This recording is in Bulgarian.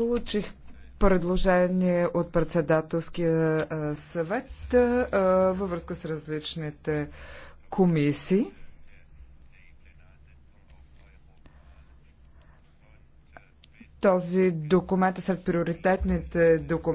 Получих предложение от председателския съвет във връзка с различните комисии. Този документ е сред приоритетните документи.